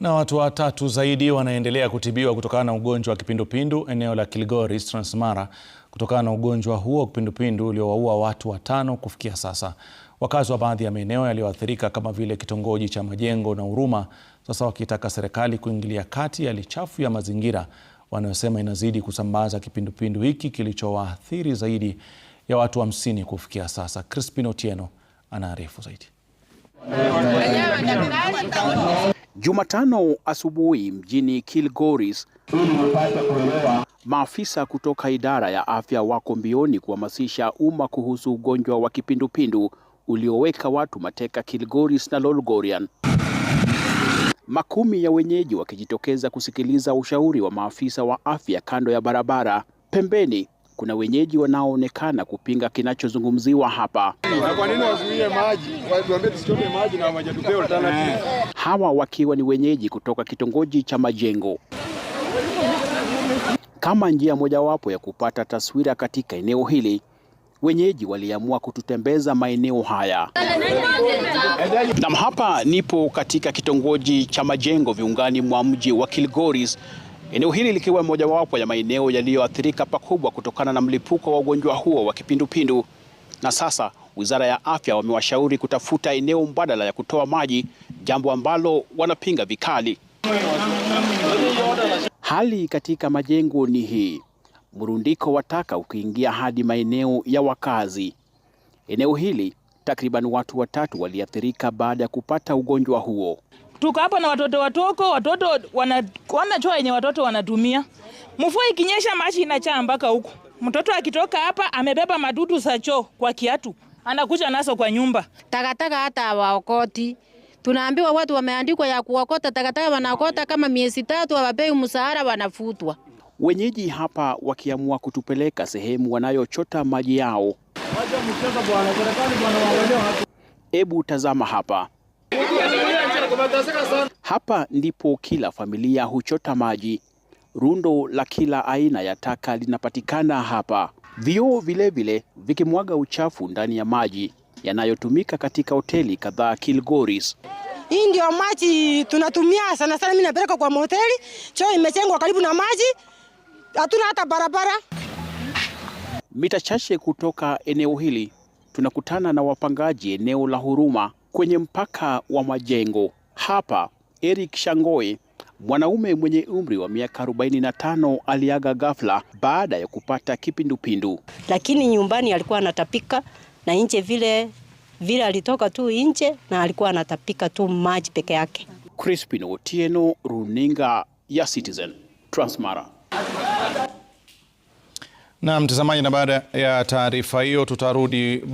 Na watu watatu zaidi wanaendelea kutibiwa kutokana na ugonjwa wa kipindupindu eneo la Kilgoris, Transmara, kutokana na ugonjwa huo wa kipindupindu uliowaua watu watano kufikia sasa. Wakazi wa baadhi ya maeneo yaliyoathirika kama vile kitongoji cha Majengo na Huruma sasa wakitaka serikali kuingilia kati ya lichafu ya mazingira wanayosema inazidi kusambaza kipindupindu hiki kilichowaathiri zaidi ya watu hamsini wa kufikia sasa. Crispin Otieno anaarifu zaidi. Jumatano asubuhi mjini Kilgoris, maafisa kutoka idara ya afya wako mbioni kuhamasisha umma kuhusu ugonjwa wa kipindupindu ulioweka watu mateka Kilgoris na Lolgorian, makumi ya wenyeji wakijitokeza kusikiliza ushauri wa maafisa wa afya kando ya barabara pembeni kuna wenyeji wanaoonekana kupinga kinachozungumziwa hapa. Kwa nini wazuie maji? Watuambie tusichote maji na alternative. Hawa wakiwa ni wenyeji kutoka kitongoji cha Majengo. Kama njia mojawapo ya kupata taswira katika eneo hili, wenyeji waliamua kututembeza maeneo haya. Nam, hapa nipo katika kitongoji cha Majengo viungani mwa mji wa Kilgoris Eneo hili likiwa mojawapo ya maeneo yaliyoathirika pakubwa kutokana na mlipuko wa ugonjwa huo wa kipindupindu, na sasa Wizara ya Afya wamewashauri kutafuta eneo mbadala ya kutoa maji, jambo ambalo wanapinga vikali. Hali katika majengo ni hii, mrundiko wa taka ukiingia hadi maeneo ya wakazi. Eneo hili takriban watu watatu waliathirika baada ya kupata ugonjwa huo tuko hapa na watoto watoko, watoto wanaona choo yenye watoto wanatumia. Mvua ikinyesha maji inachaa mpaka huku. Mtoto akitoka hapa amebeba madudu za choo kwa kiatu, anakuja nazo kwa nyumba. Takataka hata waokoti tunaambiwa watu wameandikwa ya kuokota takataka, wanaokota kama miezi tatu, hawapewi msahara, wanafutwa. Wenyeji hapa wakiamua kutupeleka sehemu wanayochota maji yao. Ebu tazama hapa hapa ndipo kila familia huchota maji. Rundo la kila aina ya taka linapatikana hapa, vioo vilevile vikimwaga uchafu ndani ya maji yanayotumika katika hoteli kadhaa Kilgoris. Hii ndio maji tunatumia sana sana, mimi napeleka kwa mahoteli. Choo imechengwa karibu na maji, hatuna hata barabara. Mita chache kutoka eneo hili tunakutana na wapangaji eneo la Huruma kwenye mpaka wa majengo. Hapa Eric Shangoi, mwanaume mwenye umri wa miaka 45, aliaga ghafla baada ya kupata kipindupindu, lakini nyumbani alikuwa anatapika na nje vile vile, alitoka tu nje na alikuwa anatapika tu maji peke yake. Crispin Otieno, runinga ya Citizen, Transmara. Na mtazamaji, na baada ya taarifa hiyo tutarudi